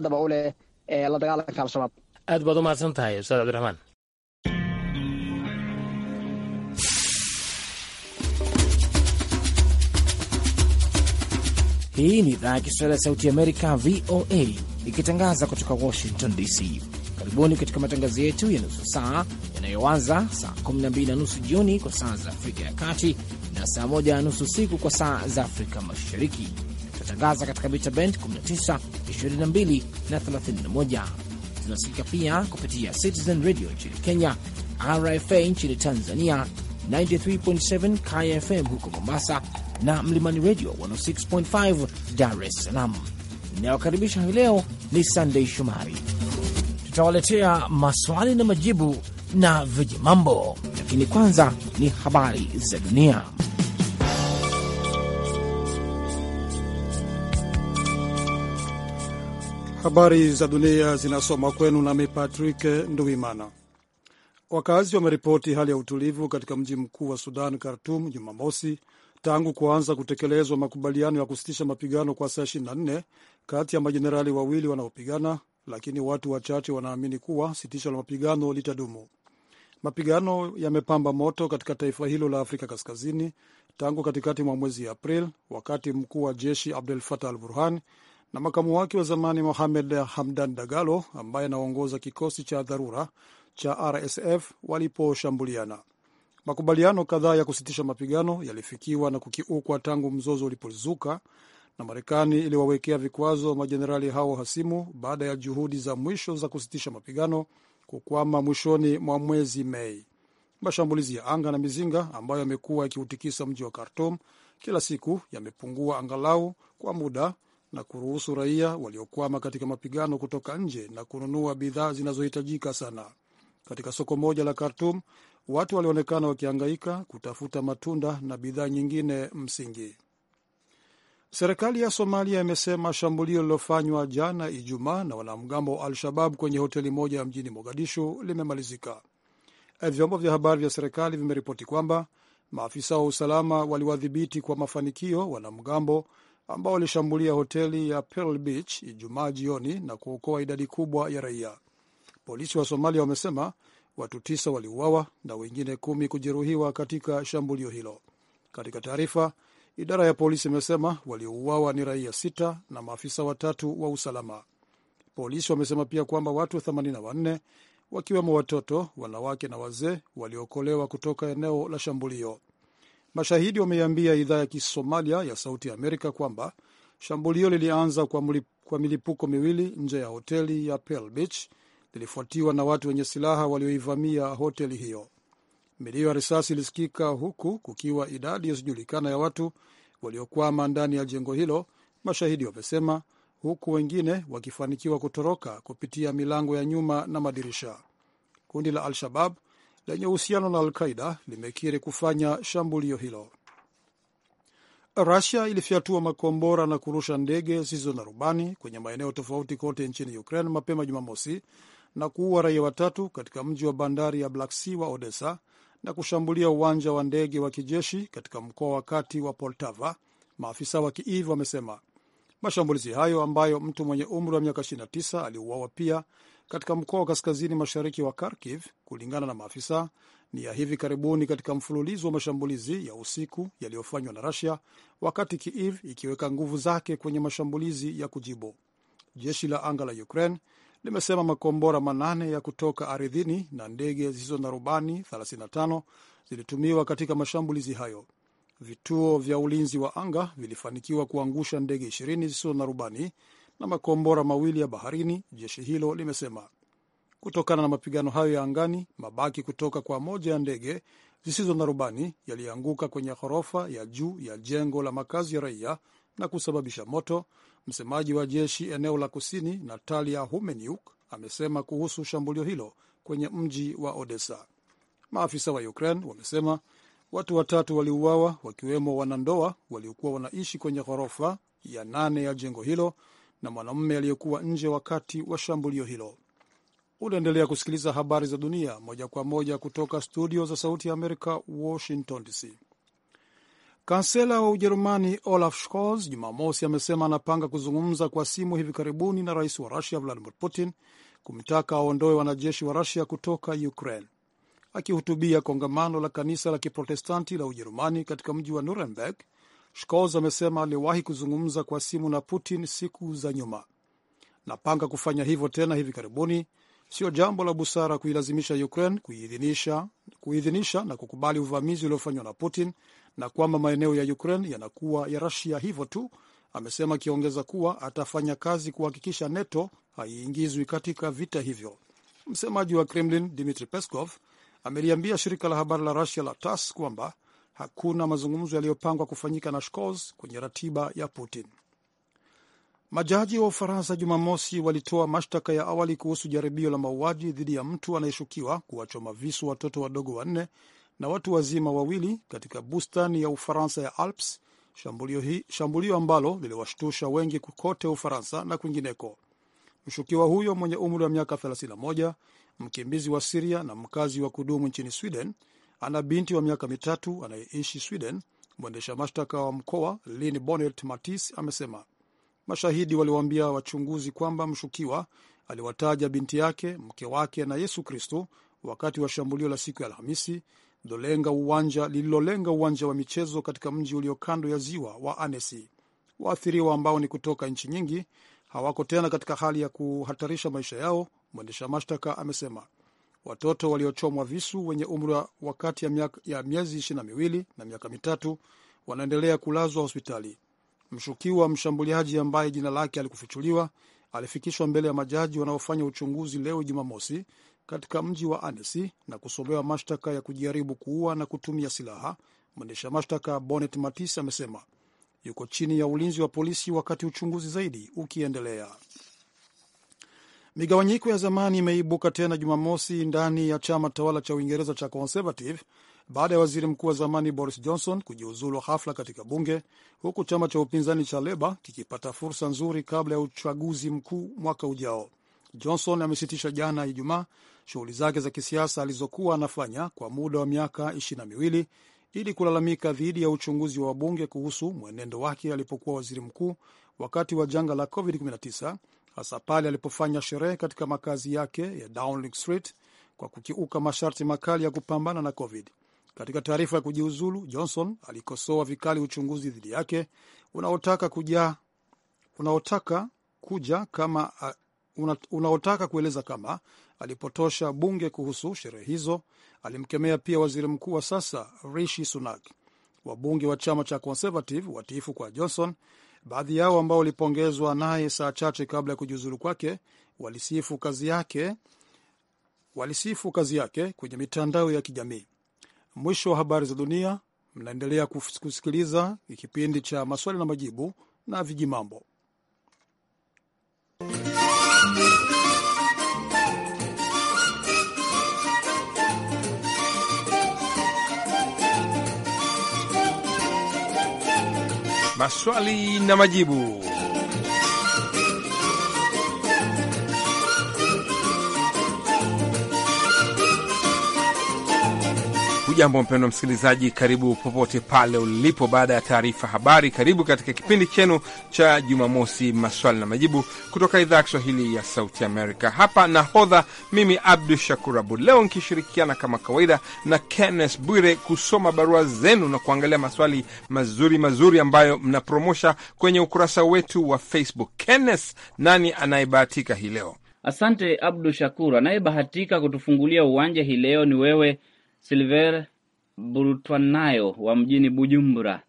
daba u leh ee la dagaalanka al-shabaab aad baad u mahadsan tahay ustaad cabdiraxmaan Hii ni idhaa ya Kiswahili ya Sauti Amerika, VOA, ikitangaza kutoka Washington DC. Karibuni katika matangazo yetu ya nusu saa yanayoanza saa 12 na nusu jioni kwa saa za Afrika ya Kati na saa 1 na nusu usiku kwa saa za Afrika Mashariki Tunatangaza katika mita bend 19, 22 na 31. Tunasikika pia kupitia Citizen Radio nchini Kenya, RFA nchini Tanzania, 93.7 KFM huko Mombasa na Mlimani Radio 106.5 Dar es Salaam. Inayokaribisha hii leo ni sandei Shumari. Tutawaletea maswali na majibu na vijimambo, lakini kwanza ni habari za dunia. Habari za dunia zinasoma kwenu nami Patrick Nduimana. Wakazi wameripoti hali ya utulivu katika mji mkuu wa Sudan, Khartum, Jumamosi, tangu kuanza kutekelezwa makubaliano ya kusitisha mapigano kwa saa 24 kati ya majenerali wawili wanaopigana, lakini watu wachache wanaamini kuwa sitisho la mapigano litadumu. Mapigano yamepamba moto katika taifa hilo la Afrika Kaskazini tangu katikati mwa mwezi April, wakati mkuu wa jeshi Abdel Fattah al Burhan na makamu wake wa zamani Mohamed Hamdan Dagalo ambaye anaongoza kikosi cha dharura cha RSF waliposhambuliana. Makubaliano kadhaa ya kusitisha mapigano yalifikiwa na kukiukwa tangu mzozo ulipozuka, na Marekani iliwawekea vikwazo majenerali hao hasimu baada ya juhudi za mwisho za kusitisha mapigano kukwama mwishoni mwa mwezi Mei. Mashambulizi ya anga na mizinga ambayo yamekuwa yakiutikisa mji wa Khartoum kila siku yamepungua angalau kwa muda na kuruhusu raia waliokwama katika mapigano kutoka nje na kununua bidhaa zinazohitajika sana. Katika soko moja la Khartum, watu walionekana wakihangaika kutafuta matunda na bidhaa nyingine msingi. Serikali ya Somalia imesema shambulio lililofanywa jana Ijumaa na wanamgambo wa Al-Shabab kwenye hoteli moja ya mjini Mogadishu limemalizika. Vyombo vya habari vya serikali vimeripoti kwamba maafisa wa usalama waliwadhibiti kwa mafanikio wanamgambo ambao walishambulia hoteli ya Pearl Beach Ijumaa jioni na kuokoa idadi kubwa ya raia. Polisi wa Somalia wamesema watu tisa waliuawa na wengine kumi kujeruhiwa katika shambulio hilo. Katika taarifa, idara ya polisi imesema waliouawa ni raia sita na maafisa watatu wa usalama. Polisi wamesema pia kwamba watu 84 wakiwemo watoto, wanawake na wazee waliokolewa kutoka eneo la shambulio. Mashahidi wameiambia idhaa ya Kisomalia ya Sauti ya Amerika kwamba shambulio lilianza kwa milipuko miwili nje ya hoteli ya Pearl Beach, lilifuatiwa na watu wenye silaha walioivamia hoteli hiyo. Milio ya risasi ilisikika huku kukiwa idadi isiyojulikana ya watu waliokwama ndani ya jengo hilo, mashahidi wamesema, huku wengine wakifanikiwa kutoroka kupitia milango ya nyuma na madirisha. Kundi la Al-Shabab lenye uhusiano na Alqaida limekiri kufanya shambulio hilo. Rusia ilifyatua makombora na kurusha ndege zisizo na rubani kwenye maeneo tofauti kote nchini Ukraine mapema Jumamosi na kuua raia watatu katika mji wa bandari ya Black Sea wa Odessa na kushambulia uwanja wa ndege wa kijeshi katika mkoa wa kati wa Poltava, maafisa wa Kiev wamesema. Mashambulizi hayo ambayo mtu mwenye umri wa miaka 29 aliuawa pia katika mkoa wa kaskazini mashariki wa Kharkiv, kulingana na maafisa, ni ya hivi karibuni katika mfululizo wa mashambulizi ya usiku yaliyofanywa na rasia wakati Kiev ikiweka nguvu zake kwenye mashambulizi ya kujibu. Jeshi la anga la Ukraine limesema makombora manane ya kutoka ardhini na ndege zisizo na rubani 35 zilitumiwa katika mashambulizi hayo. Vituo vya ulinzi wa anga vilifanikiwa kuangusha ndege 20 zisizo na rubani na makombora mawili ya baharini, jeshi hilo limesema. Kutokana na mapigano hayo ya angani, mabaki kutoka kwa moja ya ndege zisizo na rubani yalianguka kwenye ghorofa ya juu ya jengo la makazi ya raia na kusababisha moto. Msemaji wa jeshi eneo la kusini, Natalia Humeniuk, amesema kuhusu shambulio hilo kwenye mji wa Odessa. Maafisa wa Ukraine wamesema watu watatu waliuawa, wakiwemo wanandoa waliokuwa wanaishi kwenye ghorofa ya nane ya jengo hilo na mwanamume aliyekuwa nje wakati wa shambulio hilo. Unaendelea kusikiliza habari za dunia moja kwa moja kutoka studio za Sauti ya Amerika, Washington DC. Kansela wa Ujerumani Olaf Scholz Jumamosi amesema anapanga kuzungumza kwa simu hivi karibuni na rais wa Rusia Vladimir Putin kumtaka aondoe wanajeshi wa Rusia kutoka Ukraine. Akihutubia kongamano la kanisa la Kiprotestanti la Ujerumani katika mji wa Nuremberg, Scholz amesema aliwahi kuzungumza kwa simu na Putin siku za nyuma. Napanga kufanya hivyo tena hivi karibuni. Sio jambo la busara kuilazimisha Ukraine kuidhinisha, kuidhinisha na kukubali uvamizi uliofanywa na Putin na kwamba maeneo ya Ukraine yanakuwa ya rasia hivyo tu, amesema akiongeza kuwa atafanya kazi kuhakikisha NATO haiingizwi katika vita hivyo. Msemaji wa Kremlin dmitri Peskov ameliambia shirika la habari la rasia la TASS kwamba hakuna mazungumzo yaliyopangwa kufanyika na Scholz kwenye ratiba ya Putin. Majaji wa Ufaransa Jumamosi walitoa mashtaka ya awali kuhusu jaribio la mauaji dhidi ya mtu anayeshukiwa kuwachoma visu watoto wadogo wanne na watu wazima wawili katika bustani ya Ufaransa ya Alps, shambulio, hi, shambulio ambalo liliwashtusha wengi kote Ufaransa na kwingineko. Mshukiwa huyo mwenye umri wa miaka 31, mkimbizi wa Siria na mkazi wa kudumu nchini Sweden, ana binti wa miaka mitatu anayeishi Sweden. Mwendesha mashtaka wa mkoa Lin Bonet Matis amesema mashahidi waliwaambia wachunguzi kwamba mshukiwa aliwataja binti yake, mke wake na Yesu Kristo wakati wa shambulio la siku ya Alhamisi lilolenga uwanja, lililolenga uwanja wa michezo katika mji ulio kando ya ziwa wa Annecy. Waathiriwa ambao ni kutoka nchi nyingi hawako tena katika hali ya kuhatarisha maisha yao, mwendesha mashtaka amesema. Watoto waliochomwa visu wenye umri wa kati ya, ya miezi ishirini na miwili na miaka mitatu wanaendelea kulazwa hospitali. Mshukiwa mshambuliaji ambaye jina lake alikufichuliwa alifikishwa mbele ya majaji wanaofanya uchunguzi leo Jumamosi katika mji wa Annecy na kusomewa mashtaka ya kujaribu kuua na kutumia silaha. Mwendesha mashtaka Bonet Matis amesema yuko chini ya ulinzi wa polisi wakati uchunguzi zaidi ukiendelea. Migawanyiko ya zamani imeibuka tena Jumamosi ndani ya chama tawala cha Uingereza cha Conservative baada ya waziri mkuu wa zamani Boris Johnson kujiuzulu hafla katika bunge, huku chama cha upinzani cha Leba kikipata fursa nzuri kabla ya uchaguzi mkuu mwaka ujao. Johnson amesitisha jana Ijumaa shughuli zake za kisiasa alizokuwa anafanya kwa muda wa miaka ishirini na miwili ili kulalamika dhidi ya uchunguzi wa wabunge kuhusu mwenendo wake alipokuwa waziri mkuu wakati wa janga la COVID-19 hasa pale alipofanya sherehe katika makazi yake ya Downing Street kwa kukiuka masharti makali ya kupambana na COVID. Katika taarifa ya kujiuzulu, Johnson alikosoa vikali uchunguzi dhidi yake unaotaka kuja, unaotaka kuja kama una, unaotaka kueleza kama alipotosha bunge kuhusu sherehe hizo. Alimkemea pia waziri mkuu wa sasa Rishi Sunak. Wabunge wa chama cha Conservative watiifu kwa Johnson Baadhi yao ambao walipongezwa naye saa chache kabla ya kujiuzulu kwake walisifu kazi yake, walisifu kazi yake kwenye mitandao ya kijamii. Mwisho wa habari za dunia. Mnaendelea kusikiliza kipindi cha maswali na majibu na vijimambo. maswali na majibu. Hujambo mpendwa msikilizaji, karibu popote pale ulipo. Baada ya taarifa habari, karibu katika kipindi chenu cha Jumamosi, maswali na majibu kutoka idhaa ya Kiswahili ya Sauti Amerika. Hapa nahodha mimi Abdu Shakur Abud, leo nikishirikiana kama kawaida na Kenneth Bwire kusoma barua zenu na kuangalia maswali mazuri mazuri ambayo mnapromosha kwenye ukurasa wetu wa Facebook. Kenneth, nani anayebahatika hii leo? Asante Abdu Shakur. Anayebahatika kutufungulia uwanja hii leo ni wewe Silver Burutwanayo wa mjini Bujumbura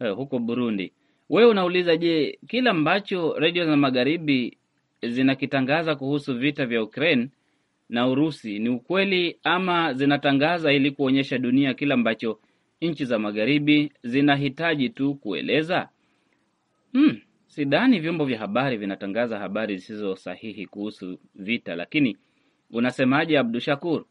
eh, huko Burundi. Wewe unauliza je, kila ambacho redio za magharibi zinakitangaza kuhusu vita vya Ukraine na Urusi ni ukweli ama zinatangaza ili kuonyesha dunia kila ambacho nchi za magharibi zinahitaji tu kueleza? Hmm, sidhani vyombo vya habari vinatangaza habari zisizo sahihi kuhusu vita, lakini unasemaje Abdushakur?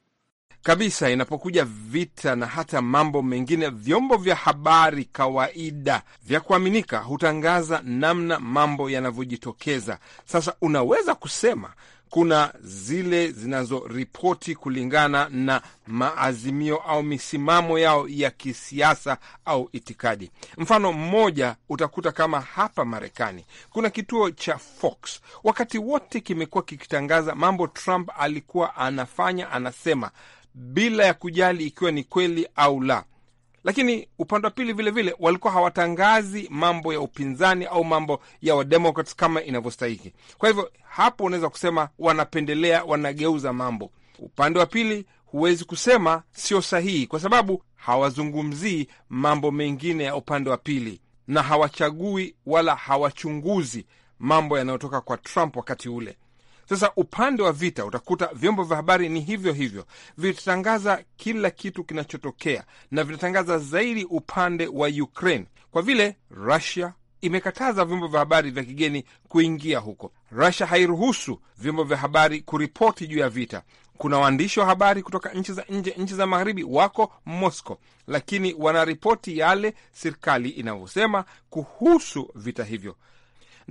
kabisa inapokuja vita na hata mambo mengine. Vyombo vya habari kawaida vya kuaminika hutangaza namna mambo yanavyojitokeza. Sasa unaweza kusema kuna zile zinazoripoti kulingana na maazimio au misimamo yao ya kisiasa au itikadi. Mfano mmoja utakuta kama hapa Marekani kuna kituo cha Fox, wakati wote kimekuwa kikitangaza mambo Trump alikuwa anafanya, anasema bila ya kujali ikiwa ni kweli au la. Lakini upande wa pili vilevile walikuwa hawatangazi mambo ya upinzani au mambo ya wademokrat kama inavyostahiki. Kwa hivyo hapo unaweza kusema wanapendelea, wanageuza mambo. Upande wa pili huwezi kusema sio sahihi, kwa sababu hawazungumzii mambo mengine ya upande wa pili na hawachagui wala hawachunguzi mambo yanayotoka kwa Trump wakati ule. Sasa upande wa vita utakuta vyombo vya habari ni hivyo hivyo, vitatangaza kila kitu kinachotokea na vitatangaza zaidi upande wa Ukraine kwa vile Rusia imekataza vyombo vya habari vya kigeni kuingia huko. Rusia hairuhusu vyombo vya habari kuripoti juu ya vita. Kuna waandishi wa habari kutoka nchi za nje, nchi za magharibi wako Moscow, lakini wanaripoti yale serikali inavyosema kuhusu vita hivyo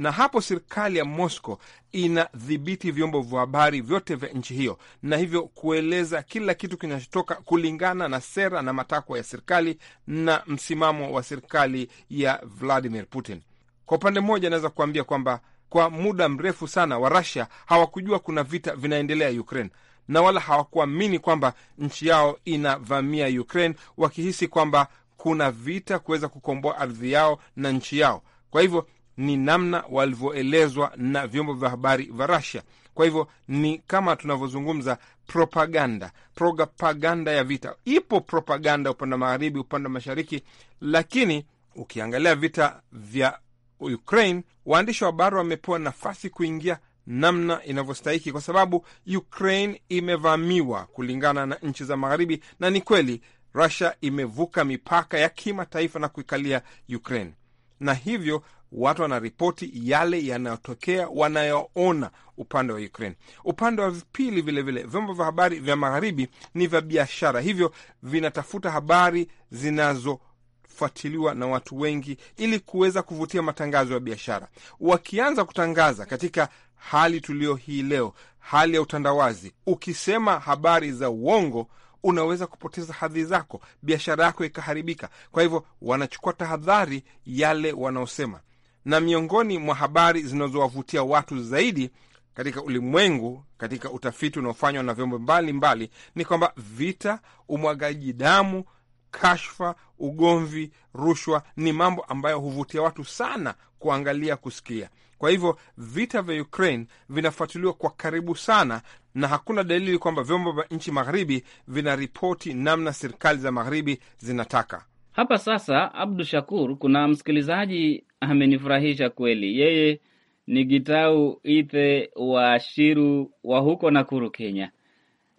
na hapo serikali ya Moscow inadhibiti vyombo vya habari vyote vya nchi hiyo, na hivyo kueleza kila kitu kinachotoka kulingana na sera na matakwa ya serikali na msimamo wa serikali ya Vladimir Putin. Kwa upande mmoja, anaweza kuambia kwamba kwa muda mrefu sana wa rasia hawakujua kuna vita vinaendelea Ukraine na wala hawakuamini kwamba nchi yao inavamia Ukraine, wakihisi kwamba kuna vita kuweza kukomboa ardhi yao na nchi yao. Kwa hivyo ni namna walivyoelezwa na vyombo vya habari vya rasia Kwa hivyo ni kama tunavyozungumza propaganda, propaganda ya vita. Ipo propaganda upande wa magharibi, upande wa mashariki, lakini ukiangalia vita vya Ukraine, waandishi wa habari wamepewa nafasi kuingia namna inavyostahiki, kwa sababu Ukraine imevamiwa kulingana na nchi za magharibi, na ni kweli Russia imevuka mipaka ya kimataifa na kuikalia Ukraine na hivyo watu wanaripoti yale yanayotokea wanayoona upande wa Ukraine. Upande wa pili, vilevile vyombo vya habari vya magharibi ni vya biashara, hivyo vinatafuta habari zinazo fuatiliwa na watu wengi ili kuweza kuvutia matangazo ya biashara. Wakianza kutangaza katika hali tulio hii leo, hali ya utandawazi, ukisema habari za uongo unaweza kupoteza hadhi zako, biashara yako ikaharibika. Kwa hivyo wanachukua tahadhari yale wanaosema na miongoni mwa habari zinazowavutia watu zaidi katika ulimwengu katika utafiti unaofanywa na vyombo mbalimbali ni kwamba vita, umwagaji damu, kashfa, ugomvi, rushwa ni mambo ambayo huvutia watu sana kuangalia, kusikia. Kwa hivyo vita vya Ukraine vinafuatiliwa kwa karibu sana, na hakuna dalili kwamba vyombo vya nchi magharibi vinaripoti namna serikali za magharibi zinataka. Hapa sasa, Abdu Shakur, kuna msikilizaji amenifurahisha kweli. Yeye ni Gitau Ithe wa Shiru wa huko Nakuru, Kenya.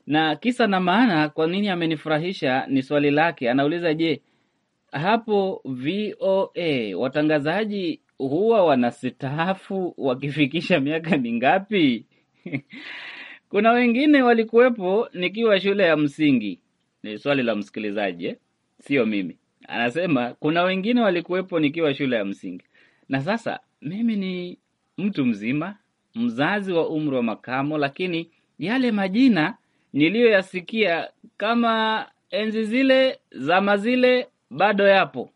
Na kisa na maana, kwa nini amenifurahisha ni swali lake. Anauliza, je, hapo VOA watangazaji huwa wanastaafu wakifikisha miaka mingapi? Kuna wengine walikuwepo nikiwa shule ya msingi. Ni swali la msikilizaji eh? Sio mimi. Anasema kuna wengine walikuwepo nikiwa shule ya msingi. Na sasa mimi ni mtu mzima, mzazi wa umri wa makamo, lakini yale majina niliyoyasikia kama enzi zile, zama zile, bado yapo.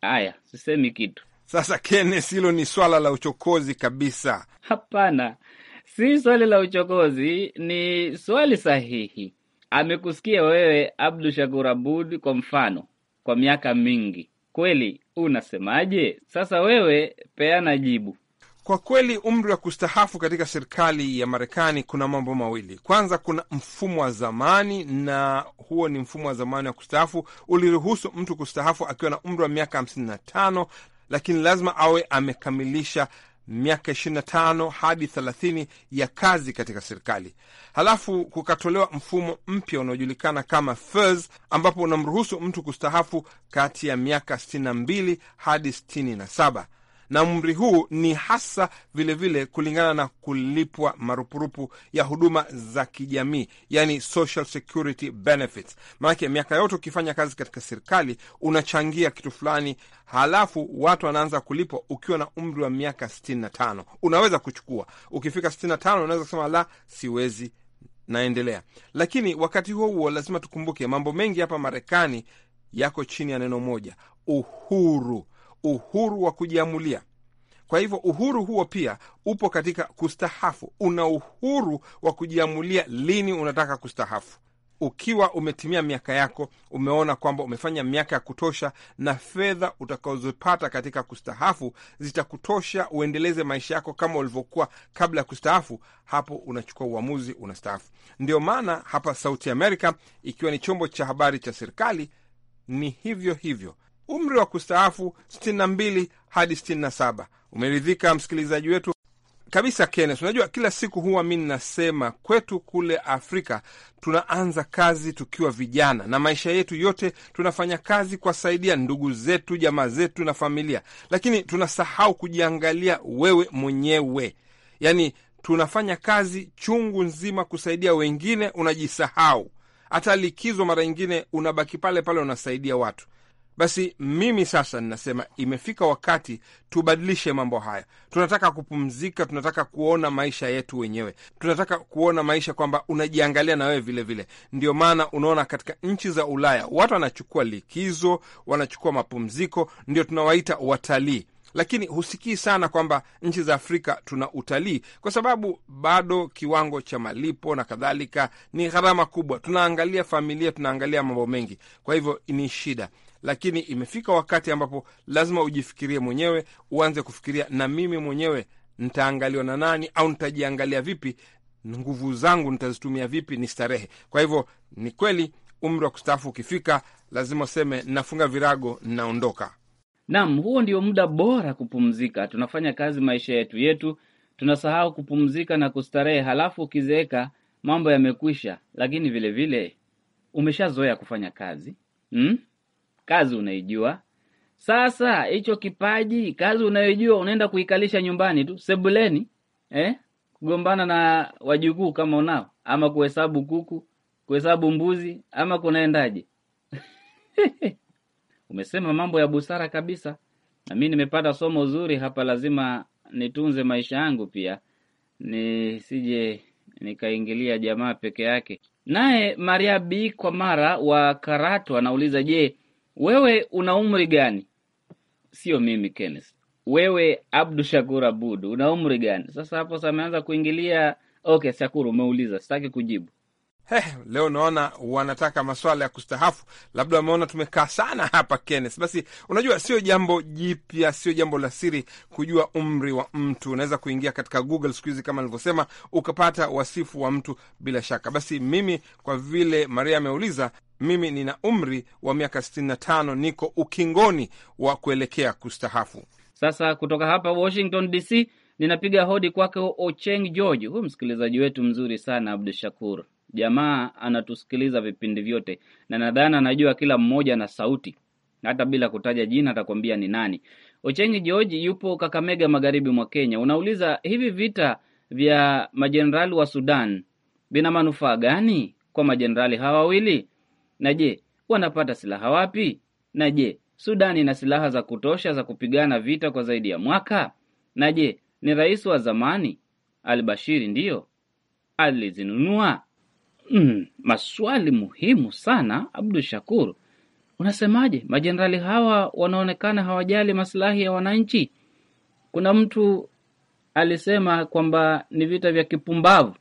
Haya, sisemi kitu. Sasa Kenes, hilo ni swala la uchokozi kabisa. Hapana, si swali la uchokozi, ni swali sahihi. Amekusikia wewe Abdu Shakur Abud, kwa mfano, kwa miaka mingi. Kweli Unasemaje? Sasa wewe peana jibu. Kwa kweli umri wa kustahafu katika serikali ya Marekani kuna mambo mawili. Kwanza, kuna mfumo wa zamani, na huo ni mfumo wa zamani wa kustahafu uliruhusu mtu kustahafu akiwa na umri wa miaka hamsini na tano lakini lazima awe amekamilisha miaka 25 hadi 30 ya kazi katika serikali, halafu kukatolewa mfumo mpya unaojulikana kama FERS ambapo unamruhusu mtu kustahafu kati ya miaka 62 hadi 67 na umri huu ni hasa vilevile vile kulingana na kulipwa marupurupu ya huduma za kijamii, yani social security benefits. Maanake miaka yote ukifanya kazi katika serikali unachangia kitu fulani, halafu watu wanaanza kulipwa ukiwa na umri wa miaka sitini na tano. Unaweza kuchukua, ukifika sitini na tano unaweza kusema la, siwezi naendelea. Lakini wakati huo huo lazima tukumbuke mambo mengi hapa Marekani yako chini ya neno moja, uhuru uhuru wa kujiamulia. Kwa hivyo uhuru huo pia upo katika kustahafu. Una uhuru wa kujiamulia lini unataka kustahafu. Ukiwa umetimia miaka yako, umeona kwamba umefanya miaka ya kutosha, na fedha utakazopata katika kustahafu zitakutosha uendeleze maisha yako kama ulivyokuwa kabla ya kustahafu, hapo unachukua uamuzi, unastahafu Ndio maana hapa Sauti Amerika, ikiwa ni chombo cha habari cha serikali, ni hivyo hivyo umri wa kustaafu 62 hadi 67. Umeridhika msikilizaji wetu? Kabisa Kenneth, unajua kila siku huwa mi ninasema kwetu kule Afrika tunaanza kazi tukiwa vijana, na maisha yetu yote tunafanya kazi kuwasaidia ndugu zetu, jamaa zetu na familia, lakini tunasahau kujiangalia wewe mwenyewe. Yani tunafanya kazi chungu nzima kusaidia wengine, unajisahau. Hata likizo mara nyingine unabaki pale pale, unasaidia watu basi mimi sasa ninasema imefika wakati tubadilishe mambo haya. Tunataka kupumzika, tunataka kuona maisha yetu wenyewe, tunataka kuona maisha kwamba unajiangalia na wewe vilevile. Ndio maana unaona katika nchi za Ulaya watu wanachukua likizo, wanachukua mapumziko, ndio tunawaita watalii lakini husikii sana kwamba nchi za Afrika tuna utalii, kwa sababu bado kiwango cha malipo na kadhalika ni gharama kubwa. Tunaangalia familia, tunaangalia mambo mengi, kwa hivyo ni shida lakini imefika wakati ambapo lazima ujifikirie mwenyewe, uanze kufikiria, na mimi mwenyewe ntaangaliwa na nani? Au ntajiangalia vipi? Nguvu zangu ntazitumia vipi? Ni starehe. Kwa hivyo ni kweli, umri wa kustaafu ukifika, lazima useme nafunga virago, naondoka. Naam, huo ndio muda bora kupumzika. Tunafanya kazi maisha yetu yetu, tunasahau kupumzika na kustarehe, halafu ukizeeka mambo yamekwisha. Lakini vilevile umeshazoea kufanya kazi mm? kazi unaijua. Sasa hicho kipaji, kazi unayojua unaenda kuikalisha nyumbani tu, sebuleni, eh? Kugombana na wajukuu kama unao, ama kuhesabu kuku, kuhesabu mbuzi, ama kunaendaje? Umesema mambo ya busara kabisa, na mi nimepata somo zuri hapa. Lazima nitunze maisha yangu pia, nisije nikaingilia jamaa peke yake. Naye Maria B kwa mara wa Karatu anauliza, je, wewe una umri gani? Sio mimi Kenneth. Wewe Abdu Shakur Abud una umri gani? Sasa hapo sameanza kuingilia. Okay, Shakuru umeuliza, sitaki kujibu. He, leo naona wanataka maswala ya kustahafu, labda wameona tumekaa sana hapa Kenneth. Basi unajua, sio jambo jipya, sio jambo la siri kujua umri wa mtu. Unaweza kuingia katika Google siku hizi kama alivyosema ukapata wasifu wa mtu bila shaka. Basi mimi kwa vile Maria ameuliza, mimi nina umri wa miaka sitini na tano, niko ukingoni wa kuelekea kustahafu. Sasa kutoka hapa Washington DC ninapiga hodi kwake Ocheng George, huyu msikilizaji wetu mzuri sana Abdu Shakur. Jamaa anatusikiliza vipindi vyote na nadhani anajua kila mmoja na sauti, hata bila kutaja jina atakwambia ni nani. Ochengi George yupo Kakamega, magharibi mwa Kenya. Unauliza, hivi vita vya majenerali wa Sudan vina manufaa gani kwa majenerali hawa wawili? Na je, wanapata silaha wapi? Na je, Sudani ina silaha za kutosha za kupigana vita kwa zaidi ya mwaka? Na je, ni rais wa zamani al Bashiri ndiyo alizinunua? Mm, maswali muhimu sana Abdu Shakur. Unasemaje, majenerali hawa wanaonekana hawajali masilahi ya wananchi? Kuna mtu alisema kwamba ni vita vya kipumbavu.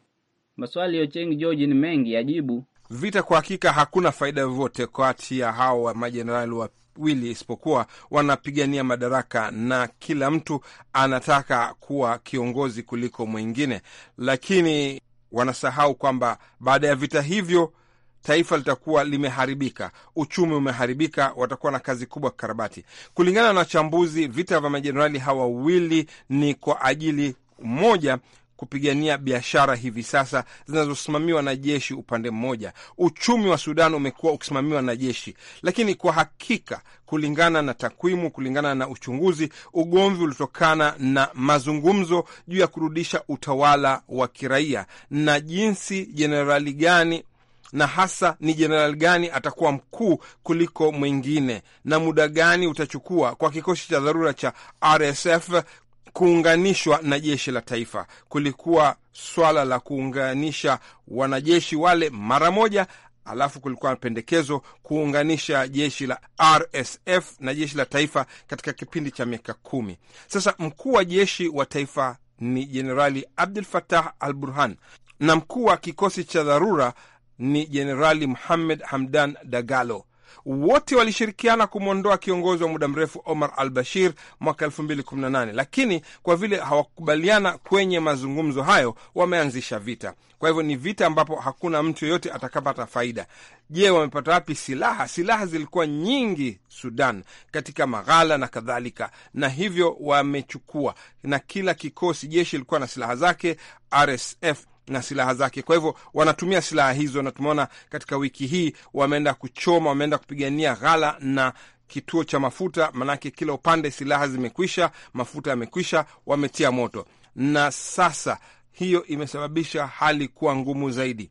Maswali ya Ocheng George ni mengi, ajibu vita. Kwa hakika hakuna faida yoyote kati ya hawa majenerali wa wili isipokuwa wanapigania madaraka na kila mtu anataka kuwa kiongozi kuliko mwingine, lakini wanasahau kwamba baada ya vita hivyo taifa litakuwa limeharibika, uchumi umeharibika, watakuwa na kazi kubwa karabati Kulingana na wachambuzi, vita vya majenerali hawa wawili ni kwa ajili moja kupigania biashara hivi sasa zinazosimamiwa na jeshi upande mmoja. Uchumi wa Sudan umekuwa ukisimamiwa na jeshi, lakini kwa hakika, kulingana na takwimu, kulingana na uchunguzi, ugomvi ulitokana na mazungumzo juu ya kurudisha utawala wa kiraia na jinsi jenerali gani na hasa ni jenerali gani atakuwa mkuu kuliko mwingine na muda gani utachukua kwa kikosi cha dharura cha RSF kuunganishwa na jeshi la taifa. Kulikuwa swala la kuunganisha wanajeshi wale mara moja, alafu kulikuwa na pendekezo kuunganisha jeshi la RSF na jeshi la taifa katika kipindi cha miaka kumi. Sasa mkuu wa jeshi wa taifa ni Jenerali Abdul Fatah Al Burhan na mkuu wa kikosi cha dharura ni Jenerali Muhammed Hamdan Dagalo. Wote walishirikiana kumwondoa kiongozi wa muda mrefu Omar al Bashir mwaka 2018 lakini kwa vile hawakukubaliana kwenye mazungumzo hayo, wameanzisha vita. Kwa hivyo ni vita ambapo hakuna mtu yoyote atakapata faida. Je, wamepata wapi silaha? Silaha zilikuwa nyingi Sudan, katika maghala na kadhalika, na hivyo wamechukua, na kila kikosi jeshi ilikuwa na silaha zake, RSF na silaha zake. Kwa hivyo wanatumia silaha hizo, na tumeona katika wiki hii wameenda kuchoma, wameenda kupigania ghala na kituo cha mafuta, manake kila upande silaha zimekwisha, mafuta yamekwisha, wametia moto, na sasa hiyo imesababisha hali kuwa ngumu zaidi.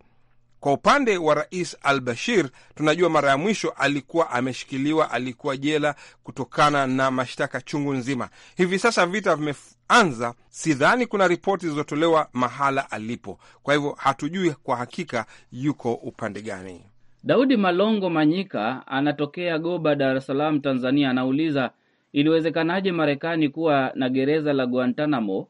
Kwa upande wa rais al Bashir, tunajua mara ya mwisho alikuwa ameshikiliwa, alikuwa jela kutokana na mashtaka chungu nzima. Hivi sasa vita vimeanza, sidhani kuna ripoti zilizotolewa mahala alipo, kwa hivyo hatujui kwa hakika yuko upande gani. Daudi Malongo Manyika anatokea Goba, Dar es Salaam, Tanzania, anauliza iliwezekanaje Marekani kuwa na gereza la Guantanamo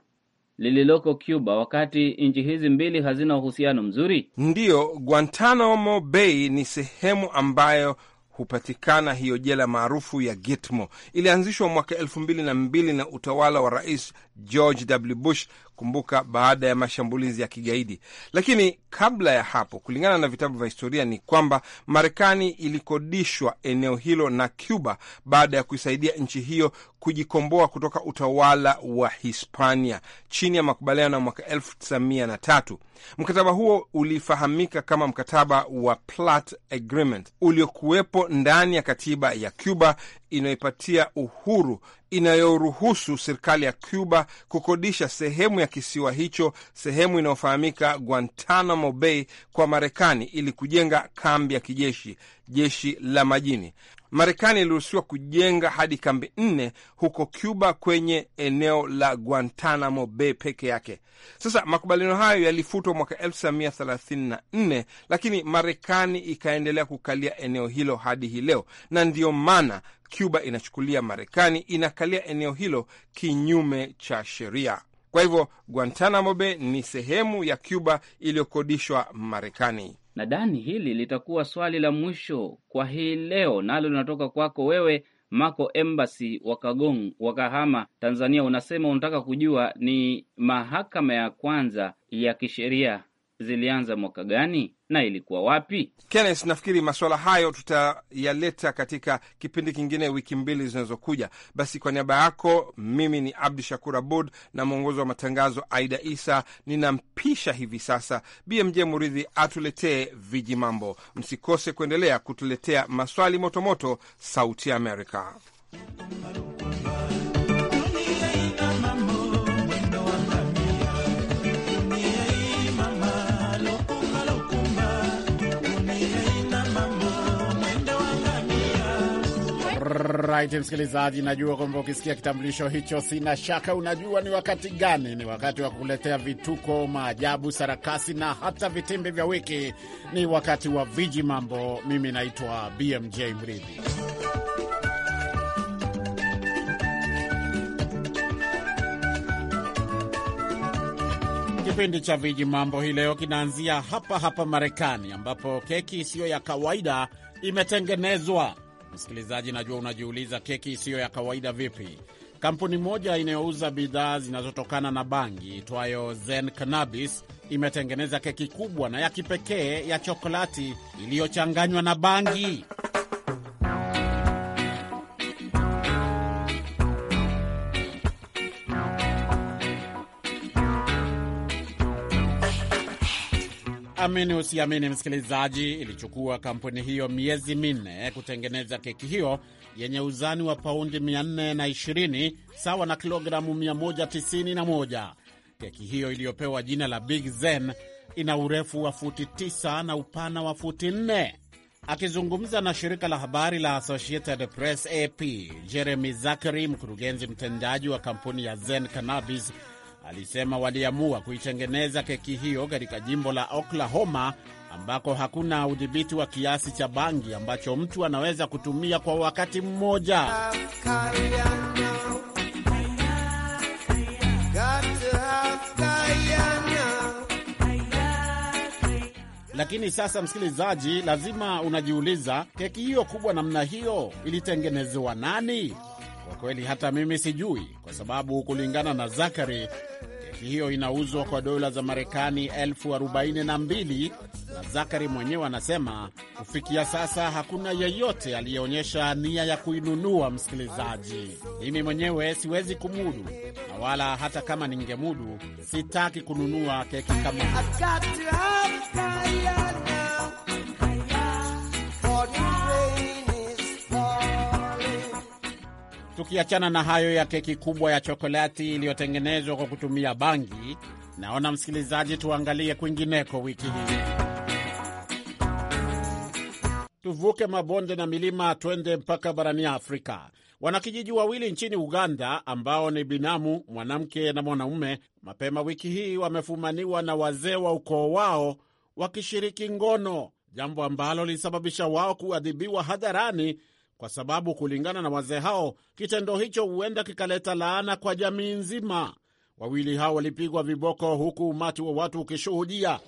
lililoko Cuba wakati nchi hizi mbili hazina uhusiano mzuri? Ndiyo, Guantanamo Bay ni sehemu ambayo hupatikana hiyo jela maarufu ya Gitmo. Ilianzishwa mwaka elfu mbili na mbili na utawala wa Rais George W. Bush, kumbuka, baada ya mashambulizi ya kigaidi. Lakini kabla ya hapo, kulingana na vitabu vya historia, ni kwamba Marekani ilikodishwa eneo hilo na Cuba baada ya kuisaidia nchi hiyo kujikomboa kutoka utawala wa Hispania chini ya makubaliano ya mwaka 1903. Mkataba huo ulifahamika kama mkataba wa Platt Agreement uliokuwepo ndani ya katiba ya Cuba inayoipatia uhuru inayoruhusu serikali ya Cuba kukodisha sehemu ya kisiwa hicho, sehemu inayofahamika Guantanamo Bay kwa Marekani ili kujenga kambi ya kijeshi jeshi la majini. Marekani iliruhusiwa kujenga hadi kambi nne huko Cuba kwenye eneo la Guantanamo Bay peke yake. Sasa makubaliano hayo yalifutwa mwaka 1934 lakini Marekani ikaendelea kukalia eneo hilo hadi hii leo, na ndiyo maana Cuba inachukulia Marekani inakalia eneo hilo kinyume cha sheria. Kwa hivyo Guantanamo Bay ni sehemu ya Cuba iliyokodishwa Marekani. Nadhani hili litakuwa swali la mwisho kwa hii leo, nalo linatoka kwako wewe Mako Embassy wa Kagong wa Kahama, Tanzania. Unasema unataka kujua ni mahakama ya kwanza ya kisheria zilianza mwaka gani? na ilikuwa wapi? Kenneth, nafikiri masuala hayo tutayaleta katika kipindi kingine wiki mbili zinazokuja. Basi kwa niaba yako, mimi ni Abdu Shakur Abud na mwongozi wa matangazo Aida Isa, ninampisha hivi sasa BMJ Muridhi atuletee viji mambo. Msikose kuendelea kutuletea maswali motomoto, Sauti ya Amerika. Alright, msikilizaji, najua kwamba ukisikia kitambulisho hicho, sina shaka unajua ni wakati gani. Ni wakati wa kukuletea vituko, maajabu, sarakasi na hata vitimbi vya wiki. Ni wakati wa viji mambo. Mimi naitwa BMJ Mridhi. Kipindi cha viji mambo hii leo kinaanzia hapa hapa Marekani, ambapo keki isiyo ya kawaida imetengenezwa Msikilizaji, najua unajiuliza keki isiyo ya kawaida vipi? Kampuni moja inayouza bidhaa zinazotokana na bangi itwayo Zen Cannabis imetengeneza keki kubwa na ya kipekee ya chokolati iliyochanganywa na bangi. Amini usiamini, msikilizaji, ilichukua kampuni hiyo miezi minne kutengeneza keki hiyo yenye uzani wa paundi 420 sawa na kilogramu 191. Keki hiyo iliyopewa jina la Big Zen ina urefu wa futi 9 na upana wa futi 4. Akizungumza na shirika la habari la Associated Press AP, Jeremy Zachary, mkurugenzi mtendaji wa kampuni ya Zen Cannabis alisema waliamua kuitengeneza keki hiyo katika jimbo la Oklahoma ambako hakuna udhibiti wa kiasi cha bangi ambacho mtu anaweza kutumia kwa wakati mmoja. Lakini sasa, msikilizaji, lazima unajiuliza, keki hiyo kubwa namna hiyo ilitengenezewa nani? Kwa kweli hata mimi sijui, kwa sababu kulingana na Zakari, keki hiyo inauzwa kwa dola za Marekani elfu arobaini na mbili na Zakari mwenyewe anasema kufikia sasa hakuna yeyote aliyeonyesha nia ya kuinunua. Msikilizaji, mimi mwenyewe siwezi kumudu, na wala hata kama ningemudu, sitaki kununua keki kama Tukiachana na hayo ya keki kubwa ya chokolati iliyotengenezwa kwa kutumia bangi, naona msikilizaji, tuangalie kwingineko wiki hii. Tuvuke mabonde na milima, twende mpaka barani Afrika. Wanakijiji wawili nchini Uganda ambao ni binamu, mwanamke na mwanaume, mapema wiki hii wamefumaniwa na wazee wa ukoo wao wakishiriki ngono, jambo ambalo lilisababisha wao kuadhibiwa hadharani kwa sababu kulingana na wazee hao kitendo hicho huenda kikaleta laana kwa jamii nzima. Wawili hao walipigwa viboko, huku umati wa watu ukishuhudia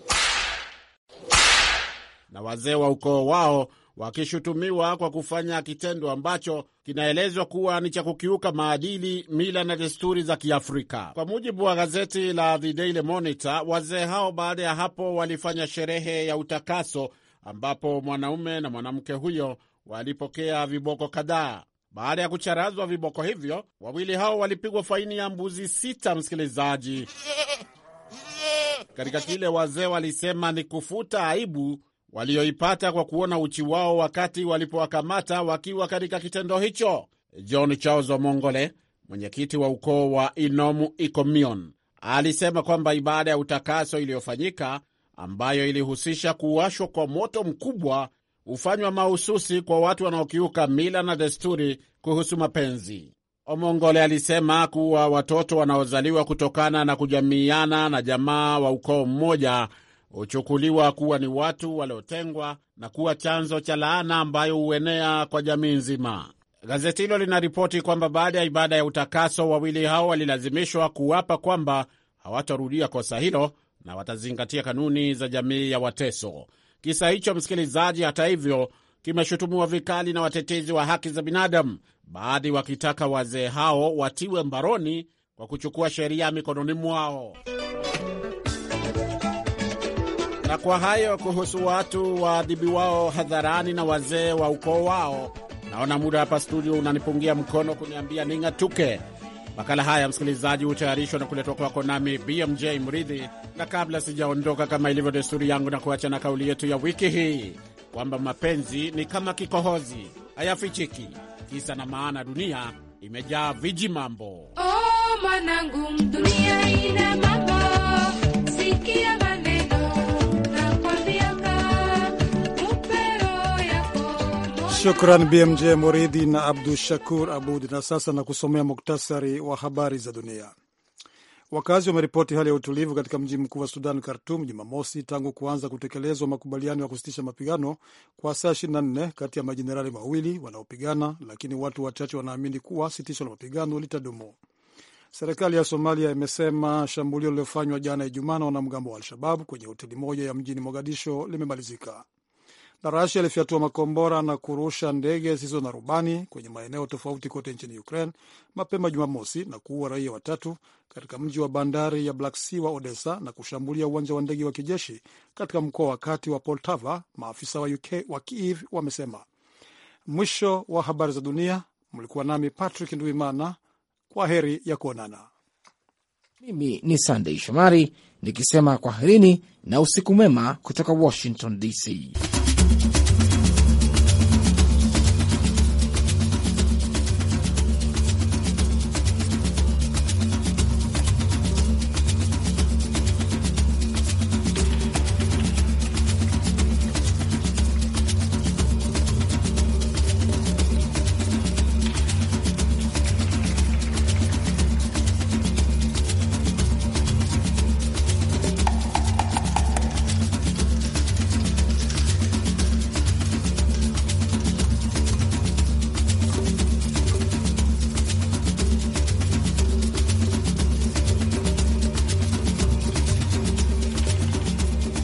na wazee wa ukoo wao wakishutumiwa kwa kufanya kitendo ambacho kinaelezwa kuwa ni cha kukiuka maadili, mila na desturi za Kiafrika. Kwa mujibu wa gazeti la The Daily Monitor, wazee hao baada ya hapo walifanya sherehe ya utakaso ambapo mwanaume na mwanamke huyo walipokea viboko kadhaa. Baada ya kucharazwa viboko hivyo, wawili hao walipigwa faini ya mbuzi sita, msikilizaji, katika kile wazee walisema ni kufuta aibu walioipata kwa kuona uchi wao wakati walipowakamata wakiwa katika kitendo hicho. John Charles Omongole, mwenyekiti wa ukoo wa Inomu Ikomion, alisema kwamba ibada ya utakaso iliyofanyika ambayo ilihusisha kuwashwa kwa moto mkubwa hufanywa mahususi kwa watu wanaokiuka mila na desturi kuhusu mapenzi. Omongole alisema kuwa watoto wanaozaliwa kutokana na kujamiana na jamaa wa ukoo mmoja huchukuliwa kuwa ni watu waliotengwa na kuwa chanzo cha laana ambayo huenea kwa jamii nzima. Gazeti hilo linaripoti kwamba baada ya ibada ya utakaso, wawili hao walilazimishwa kuapa kwamba hawatarudia kosa hilo na watazingatia kanuni za jamii ya Wateso. Kisa hicho, msikilizaji, hata hivyo, kimeshutumiwa vikali na watetezi wa haki za binadamu, baadhi wakitaka wazee hao watiwe mbaroni kwa kuchukua sheria mikononi mwao. Na kwa hayo kuhusu watu waadhibi wao hadharani na wazee wa ukoo wao, naona muda hapa studio unanipungia mkono kuniambia ning'atuke. Makala haya msikilizaji, hutayarishwa na kuletwa kwako nami BMJ Mridhi, na kabla sijaondoka, kama ilivyo desturi yangu, na kuacha na kauli yetu ya wiki hii kwamba mapenzi ni kama kikohozi, hayafichiki. Kisa na maana, dunia imejaa viji mambo. Oh, dunia ina mambo. Sikia Shukran BMJ Moridhi na Abdu Shakur Abud. Na sasa na kusomea muktasari wa habari za dunia. Wakazi wameripoti hali ya utulivu katika mji mkuu wa Sudan, Khartum, Jumamosi, tangu kuanza kutekelezwa makubaliano ya kusitisha mapigano kwa saa 24 kati ya majenerali mawili wanaopigana, lakini watu wachache wanaamini kuwa sitisho la mapigano litadumu. Serikali ya Somalia imesema shambulio lililofanywa jana Ijumaa na wanamgambo wa Al-Shabab kwenye hoteli moja ya mjini Mogadisho limemalizika na Rasia ilifyatua makombora na kurusha ndege zisizo na rubani kwenye maeneo tofauti kote nchini Ukraine mapema Jumamosi na kuua raia watatu katika mji wa bandari ya Black Sea wa Odessa na kushambulia uwanja wa ndege wa kijeshi katika mkoa wa kati wa Poltava, maafisa wa UK wa Kiev wamesema. Mwisho wa habari za dunia. Mlikuwa nami Patrick Nduimana, kwa heri ya kuonana. Mimi ni Sandei Shomari nikisema kwaherini na usiku mwema kutoka Washington DC.